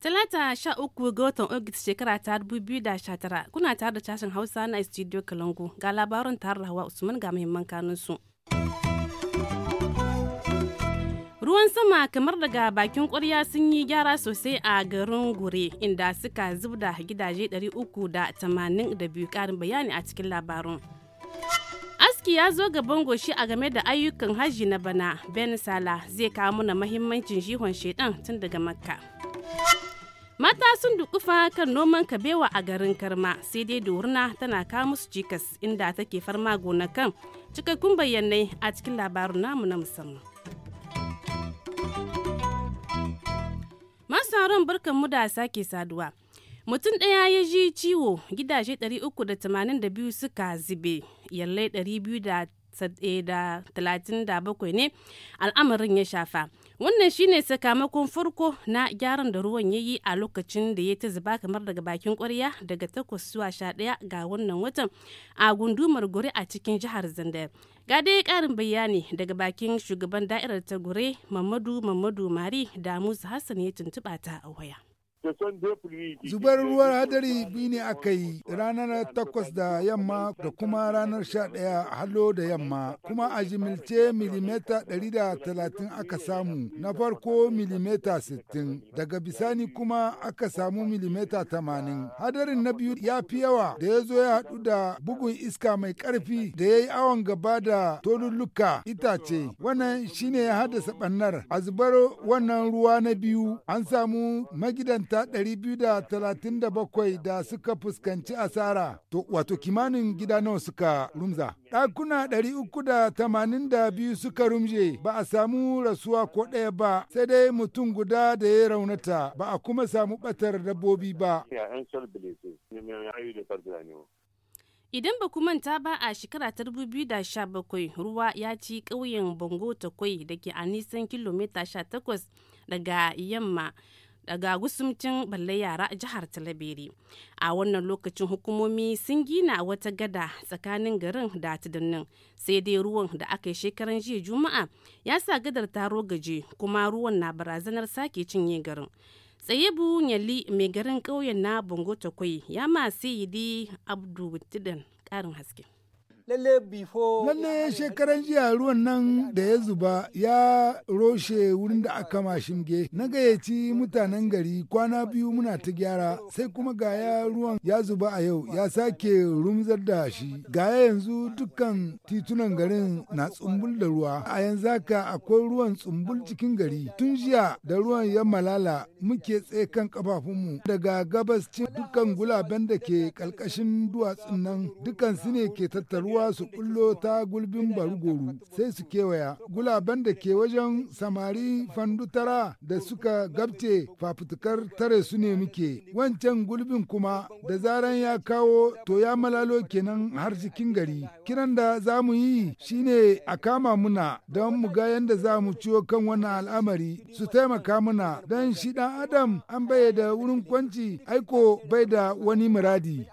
Talata sha uku ga watan Ogis shekara ta dubu biyu da sha tara kuna tare da sashen Hausa na studio Kalangu ga labarin tarar Hawa Usman ga muhimman kanunsu. ruwan sama kamar daga bakin ƙwarya sun yi gyara sosai a garin gure inda suka zubda gidaje 382 ƙarin bayani a cikin labarun. aski ya zo gaban goshi a game da ayyukan hajji na bana ben sala zai kawo mana mahimmancin jihon shaidan tun daga makka mata sun dukufa kan noman kabewa a garin karma sai dai doruna tana kawo musu cikas inda take farma gonakan cikakkun bayanai a cikin labarun namu na musamman masarun barkan mu da sake saduwa. Mutum ɗaya ya ji ciwo gidaje 382 suka zube, yallai 237 eh, ne al'amarin ya shafa. wannan shine sakamakon farko na gyaran da ruwan ya yi a lokacin da ya ta zuba kamar daga bakin kwarya daga takwas zuwa sha ɗaya ga wannan watan a gundumar gure a cikin jihar zandar ga dai karin bayani daga bakin shugaban da'irar ta gure mamadu mamadu mari da musa hassan ya tuntuɓa ta a waya Zubar ruwan hadari biyu ne aka yi ranar takwas da yamma da kuma ranar shaɗaya. hallo da yamma kuma a jimilce milimeta ɗari da talatin aka samu na farko milimeta sittin daga bisani kuma aka samu milimeta tamanin hadarin na biyu ya fi yawa da ya zo ya hadu da bugun iska mai karfi da ya yi awon gaba da tolulluka itace wannan shine ya haddasa ɓannar a zubar wannan ruwa na biyu an samu magidanta ma'aikata 237 da suka fuskanci asara, to wato kimanin gida nawa suka rumza. Ɗakuna 382 suka rumje ba a samu rasuwa ko ɗaya ba sai dai mutum guda da ya raunata ba a kuma samu ɓatar dabbobi ba. Idan ba manta ba a shekara ta 2017 ruwa ya ci ƙauyen Bango Takwai da ke a nisan kilomita 18 daga yamma daga gusumcin balle yara a jihar talabiri a wannan lokacin hukumomi sun gina wata gada tsakanin garin da tudunnin sai dai ruwan da aka yi shekaran jiya juma'a ya sa gadar taro gaje kuma ruwan na barazanar sake cinye garin tsaye bu nyali mai garin ƙauyen na bongo takwai ya masu yi abdu karin ƙarin haske lalle shekaran jiya ruwan nan da ya zuba ya roshe wurin da aka mashimge na gayyaci mutanen gari kwana biyu muna ta gyara sai kuma gaya ruwan ya zuba a yau ya sake rumzar da shi gaya yanzu dukkan titunan garin na tsumbul da ruwa a yanzu haka akwai ruwan tsumbul cikin gari tun jiya da ruwan ya malala muke tsekan kafafunmu daga gabas dukkan gulaben da ke ƙarƙashin duwatsun nan dukkan su ne ke tattaruwa ruwa su kullo ta gulbin barugoru sai su kewaya gulaben da ke wajen samari fandutara da suka gabce fafutukar tare su ne muke wancan gulbin kuma da zaran ya kawo to ya malalo kenan har cikin gari kiran da za mu yi shine a kama muna don mu ga yadda za mu ciwo kan wannan al'amari su taimaka muna don shi dan adam an bai da wurin kwanci aiko bai da wani muradi.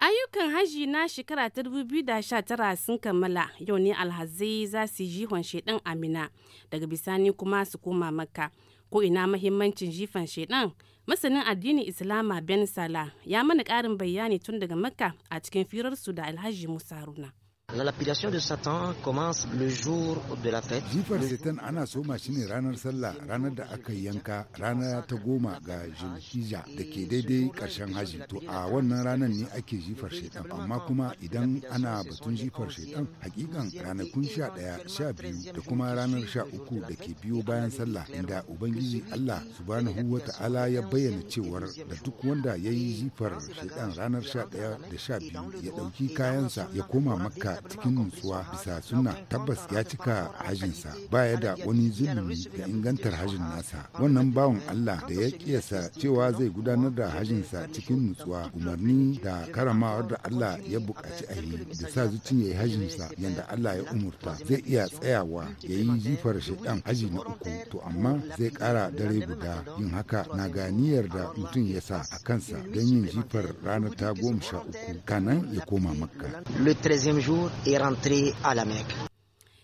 ayyukan haji na shekara ta 2019 sun kammala yau ne alhazai za su yi jihon shaidan amina daga bisani kuma su koma makka ko ina mahimmancin jifan shaiɗan? masanin addinin islama ben sala ya mana karin bayani tun daga makka a cikin firarsu da alhaji musa Haruna. La lapidation de Satan commence le jour de la fête. Jifar Satan ana soma shi ne ranar sallah, ranar da aka yanka, rana ta goma ga Zulhijja da ke daidai ƙarshen haji. To a wannan ranar ne ake jifar shaiɗan amma kuma idan ana batun jifar shaiɗan hakikan ranakun sha daya sha biyu da kuma ranar sha uku da ke biyo bayan sallah, inda Ubangiji Allah subhanahu wa ta'ala ya bayyana cewar da duk wanda ya yi jifar shaitan ranar sha ɗaya da sha biyu ya ɗauki kayansa ya koma Makka cikin nutsuwa bisa suna tabbas ya cika hajinsa baya da wani zulumi da ingantar hajin nasa wannan bawan Allah da ya kiyasa cewa zai gudanar da hajinsa cikin nutsuwa umarni da karamawar da Allah ya buƙaci a yi da sa zuci ya yi hajinsa yadda Allah ya umurta zai iya tsayawa ya yi jifar shaidan haji na uku to amma zai kara dare guda yin haka na ganiyar da mutum ya sa a kansa don yin jifar ranar ta goma sha uku kanan ya koma makka. Le 13 jour Shanu ɗari da à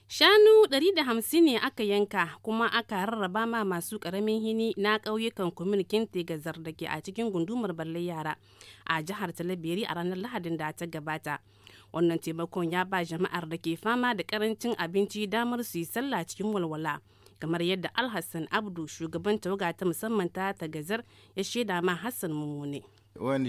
Shanu 150 ne aka yanka kuma aka rarraba ma masu karamin hini na ƙauyukan kwamilkin tegazar da ke a cikin gundumar balle yara a jihar Talabiri a ranar Lahadin da ta gabata. Wannan taimakon ya ba jama'ar da ke fama da karancin abinci damar su yi sallah cikin walwala. kamar yadda alhassan abdu shugaban tawaga ta musamman ta gazar ya shaida ma hassan mummune ONG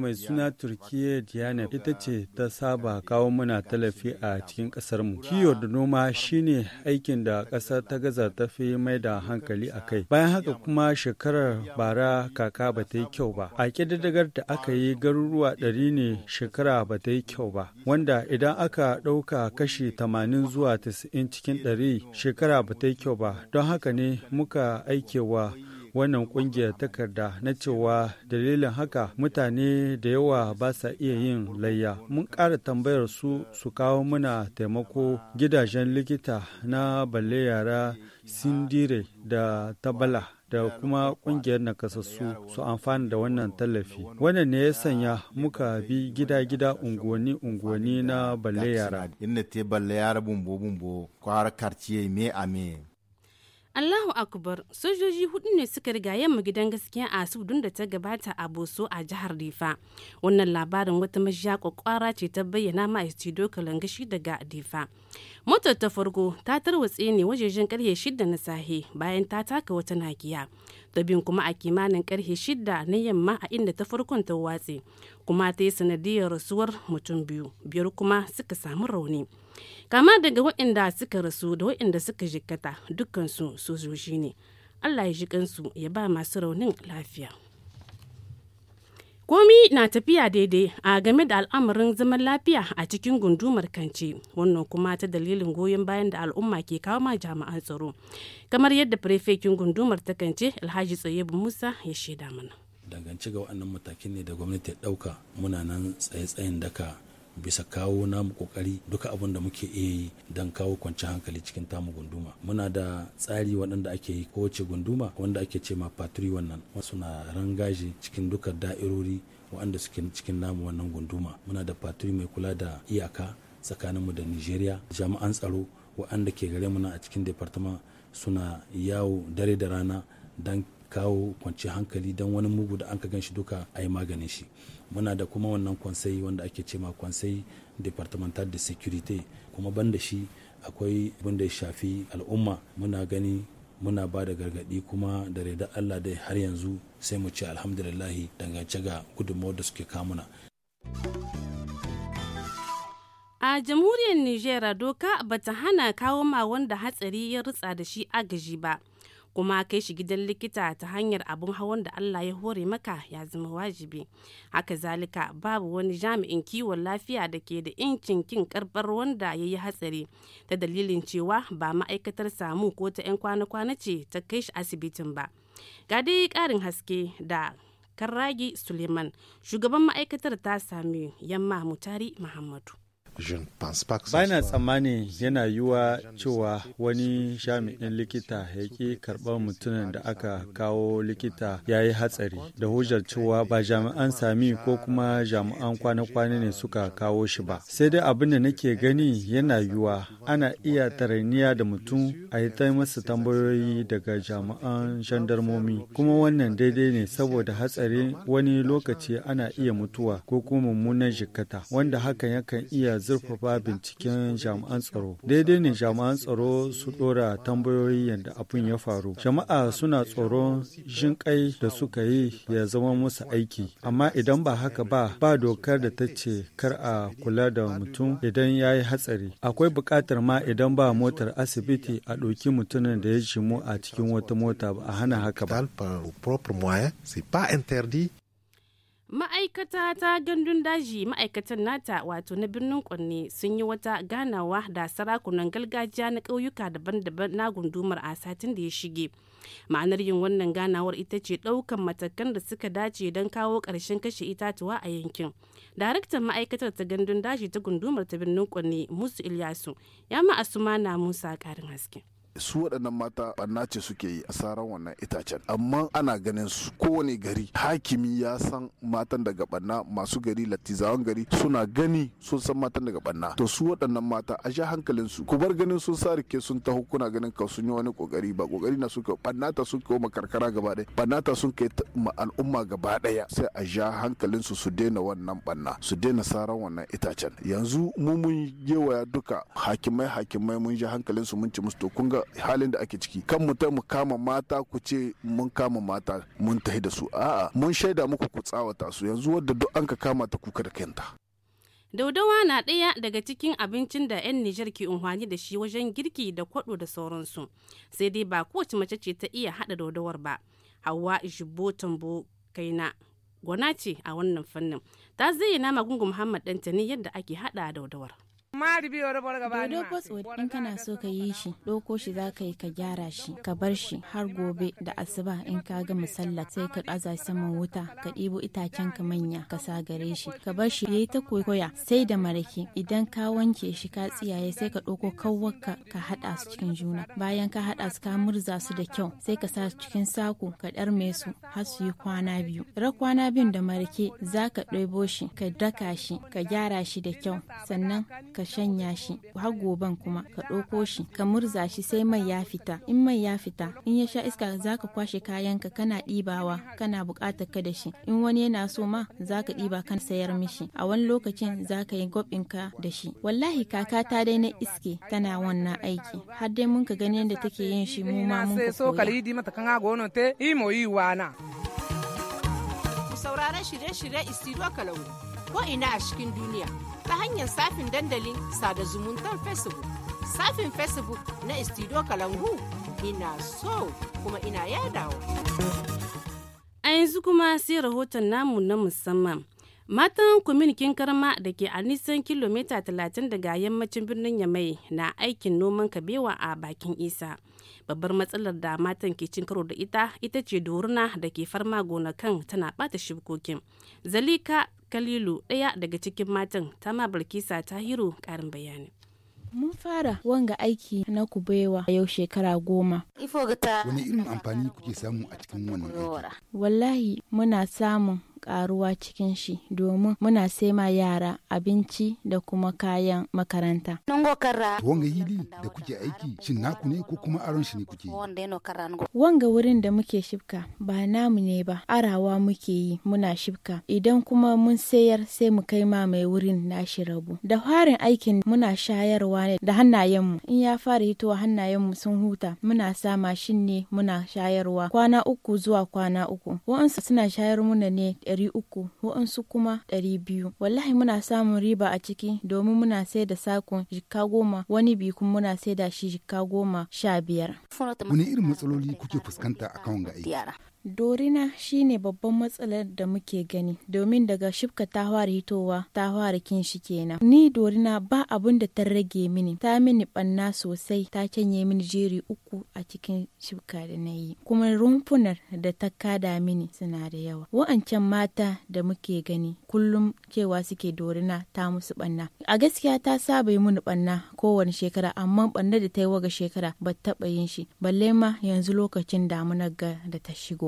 mai suna Turkiyya Diana ita ce ta saba kawo muna tallafi a cikin ƙasarmu. Kiyo da noma shine aikin da ƙasa ta gaza ta fi mai da hankali a kai. Bayan haka kuma shekarar bara kaka ba ta yi kyau ba. A ƙididdigar da aka yi garuruwa ɗari ne shekara ba ta yi kyau ba. Wanda idan aka ɗauka kashi tamanin zuwa tasa'in cikin ɗari shekara ba ta yi kyau ba. Don haka ne muka aikewa wannan kungiyar takarda na cewa dalilin haka mutane da yawa ba sa iya yin layya mun ƙara tambayar su su kawo muna taimako gidajen likita na balle yara sindire da tabala da kuma kungiyar nakasassu su amfana da wannan tallafi wannan ne ya sanya muka bi gida-gida unguwanni-unguwanni na balle yara inda te balle yara kwarar karciye me a Allahu Akbar sojoji hudu ne suka riga yamma gidan gaskiya a sudun da ta gabata a Boso a jihar Difa. Wannan labarin wata majiya kwakwara ce ta bayyana ma'aikaci doka langashi daga Difa. Motar ta farko ta tarwatse ne wajejen karhe shida na sahe bayan ta taka wata nakiya. Ta bin kuma a kimanin karhe shida na yamma a inda ta farkon ta watse kuma ta yi sanadiyar rasuwar mutum biyu biyar kuma suka samu rauni. kama daga waɗanda suka rasu da waɗanda suka jikkata dukkansu sojoji ne allah ya jikansu ya ba masu raunin lafiya komi na tafiya daidai a game da al'amarin zaman lafiya a cikin gundumar kance wannan kuma ta dalilin goyon bayan da al'umma ke kawo ma jami'an tsaro kamar yadda firefekin gundumar ta kance alhaji tsayebu musa ya shaida mana dangance ga waɗannan matakin ne da gwamnati ya ɗauka muna nan tsaye-tsayen daka bisa kawo namu kokari duka abin da muke iya yi don kawo kwanci hankali cikin tamu gunduma muna da tsari waɗanda ake yi kowace gunduma wanda ake ce ma patri wannan wasu na rangaji cikin duka da'irori waɗanda suke cikin namu wannan gunduma muna da patri mai kula da iyaka tsakaninmu da nigeria jami'an tsaro waɗanda ke gare mu na a cikin departama suna yawo dare da rana don kawo kwanci hankali don wani mugu da an ka gan shi duka a yi maganin shi muna da kuma wannan kwansai wanda ake ce ma kwansai departamental de security kuma banda shi akwai abin da ya shafi al'umma muna gani muna ba da gargaɗi kuma da reda allah dai har yanzu sai mu ce alhamdulillah dangance ga gudunmawar da suke kamuna a jamhuriyar nijera doka bata hana kawo ma wanda hatsari ya rutsa da shi agaji ba kuma kai shi gidan likita ta hanyar abun hawan da Allah ya hore maka ya zama wajibi haka zalika babu wani jami'in kiwon lafiya da ke da incin kin karbar wanda ya yi hatsari ta dalilin cewa ba ma'aikatar samu ko ta 'yan kwana-kwana ce ta kai shi asibitin ba ga dai karin haske da karragi suleiman shugaban ma'aikatar ta sami yamma mutari muhammadu Bana tsammani yana yiwa cewa wani jami'in likita ya ƙi karɓar mutumin da aka kawo likita ya yi hatsari da hujjar cewa ba jami'an sami ko kuma jami'an kwana-kwana ne suka kawo shi ba. Sai dai abin da nake gani yana yiwa ana iya tarayniya da mutum a yi ta masa tambayoyi daga jami'an shandarmomi kuma wannan daidai ne saboda hatsari wani lokaci ana iya mutuwa ko kuma mummunan jikkata wanda hakan yakan iya zurfafa binciken jami'an tsaro daidai ne jami'an tsaro su dora tambayoyi yadda abin ya faru jama'a suna tsoron jin kai da suka yi ya zama musu aiki amma idan ba haka ba ba dokar da ta ce kar a kula da mutum idan ya yi hatsari akwai buƙatar ma idan ba motar asibiti a ɗauki mutumin da ya jimu a cikin wata mota ba a hana haka ba ma'aikata ta gandun daji ma'aikatan nata wato na birnin kwanne sun yi wata ganawa da sarakunan gargajiya na ƙauyuka daban-daban na gundumar a satin da ya shige ma'anar yin wannan ganawar ita ce ɗaukan matakan da suka dace don kawo ƙarshen kashe itatuwa a yankin daraktan ma'aikatar ta gandun daji ta gundumar ta birnin kwanne musu ilyasu ya ma na musa ƙarin haske su waɗannan mata banna ce suke yi a asaran wannan itacen amma ana ganin su kowane gari hakimi ya san matan daga banna masu gari latizawan gari suna gani sun san matan daga banna. to su waɗannan mata a sha hankalin su ku bar ganin sun sa rike sun taho kuna ganin ka sun yi wani kokari ba kokari na suka barna ta sun kai karkara gaba ɗaya barna ta sun kai al'umma gaba ɗaya sai a sha hankalin su su daina wannan banna. su daina saran wannan itacen yanzu mu mun gewaya duka hakimai hakimai mun ji hankalin su mun ci musu to kun ga halin da ake ciki kan mu ta mu kama mata ku ce mun kama mata mun tahi da su a'a mun shaida muku ku tsawata su yanzu wadda duk an ka kama ta kuka da kenta daudawa na ɗaya daga cikin abincin da 'yan nijar ke unhwani da shi wajen girki da kwaɗo da sauransu sai dai ba kowace mace ce ta iya haɗa daudawar ba hawa jibbo tambo kaina gwana ce a wannan fannin ta zai nama magungun muhammad ɗanta ne yadda ake haɗa daudawar Dodo password in kana so ka yi shi, ɗauko shi za ka yi ka gyara shi, ka bar shi har gobe da asuba in ka ga musalla sai ka ƙaza saman wuta, ka ɗibo itacen ka manya ka sa gare shi, ka bar shi yayi ta koya sai da marake idan ka wanke shi ka tsiyaye sai ka ɗauko kawwaka ka haɗa su cikin juna. Bayan ka haɗa su ka murza su da kyau sai ka sa cikin sako ka ɗarme su har su yi kwana biyu. Ra kwana biyun da marake za ka ɗebo shi, ka daka shi, ka gyara shi da kyau sannan ka shanya shi har goban kuma ka ɗauko shi ka murza shi sai mai ya fita in mai ya fita in ya sha iska za ka kwashe kayanka kana ɗibawa kana buƙatar ka da shi in wani yana so ma za ka ɗiba kan sayar mishi a wani lokacin za ka yi ka da shi wallahi kaka ta dai na iske tana wannan aiki har dai mun ka gani yadda take yin shi mu ma mun ka koya. sauraron shirye-shirye istiro kalangu ko'ina a cikin duniya ta hanyar safin dandalin sada zumuntar facebook safin facebook na istido kalangu ina so kuma ina yadawa a yanzu kuma sai rahoton namu na musamman Matan kuminikin karma da ke a nisan kilomita 30 daga yammacin birnin Yamai na aikin noman kabewa a bakin isa. Babbar matsalar da matan ke cin karo da ita ita ce doruna da ke farma gonakan tana bata shibkokin. Zalika Kalilu ɗaya daga cikin matan ta ma ta Tahiru ƙarin bayani. Mun fara wanga aiki na kubewa yau shekara goma. Wani irin amfani kuke samu a cikin wannan aiki? Wallahi muna samun karuwa cikin shi domin muna ma yara abinci da kuma kayan makaranta. Wanga hili da kuke aiki shin naku ne ko kuma aron shi ne kuke Wanga wurin da muke shifka ba namu ne ba arawa muke yi muna shifka idan kuma mun sayar sai mu kai ma mai wurin na shi rabu. Da farin aikin muna shayarwa ne da hannayenmu in ya fara hitowa hannayenmu sun huta muna sa mashin ne muna shayarwa kwana uku zuwa kwana uku. Wa'ansu suna shayar muna ne ɗari uku wa'ansu kuma ɗari biyu wallahi muna samun riba a ciki domin muna sai da sakon jikka goma wani bi kuma muna sai da shi jikka goma sha biyar. wani irin matsaloli kuke fuskanta a kawun ga aiki. dorina shine babban matsalar da muke gani domin daga shifka ta fara hitowa ta fara kin shi kenan ni dorina ba abun da ta rage mini ta mini banna sosai ta canye mini jeri uku a cikin shifka da na yi kuma rumfunar da ta kada mini suna da yawa wa'ancan mata da muke gani kullum cewa suke dorina ta musu banna a gaskiya ta saba yi mini banna kowane shekara amma banna da ta yi waga shekara ba taɓa yin shi balle ma yanzu lokacin damunar ga da ta shigo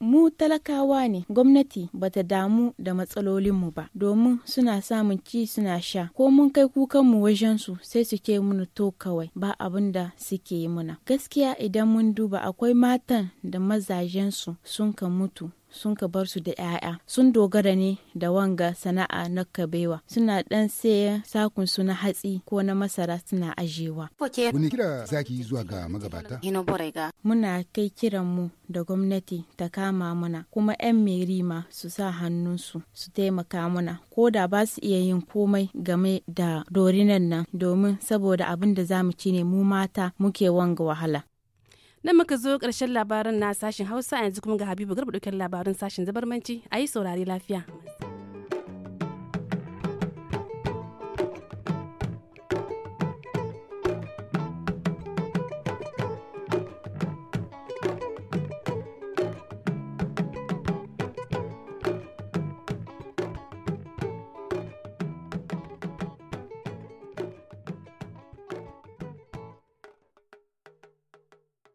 mu talakawa ne gwamnati ba ta damu da matsalolinmu ba domin suna samun ci suna sha ko mun kai kukanmu wajen su sai su ke muna to kawai ba abin da suke yi muna gaskiya idan mun duba akwai matan da mazajen su sun ka mutu sun ka bar su da 'ya'ya sun dogara ne da wanga sana'a na kabewa suna dan saya sakun su na hatsi ko na masara suna ajewa. Wani kira zaki zuwa ga magabata? Muna kai kiran mu da gwamnati ta kama kama mana kuma 'yan meri ma su sa hannunsu su taimaka mana ko da ba su iya yin komai game da dorinan nan domin saboda abin da zamu ci ne mu mata muke wanga wahala. na muka zo ƙarshen labarin na sashen Hausa yanzu kuma ga Habibu Garba ɗaukar labarin sashen zabarmanci a yi saurari lafiya.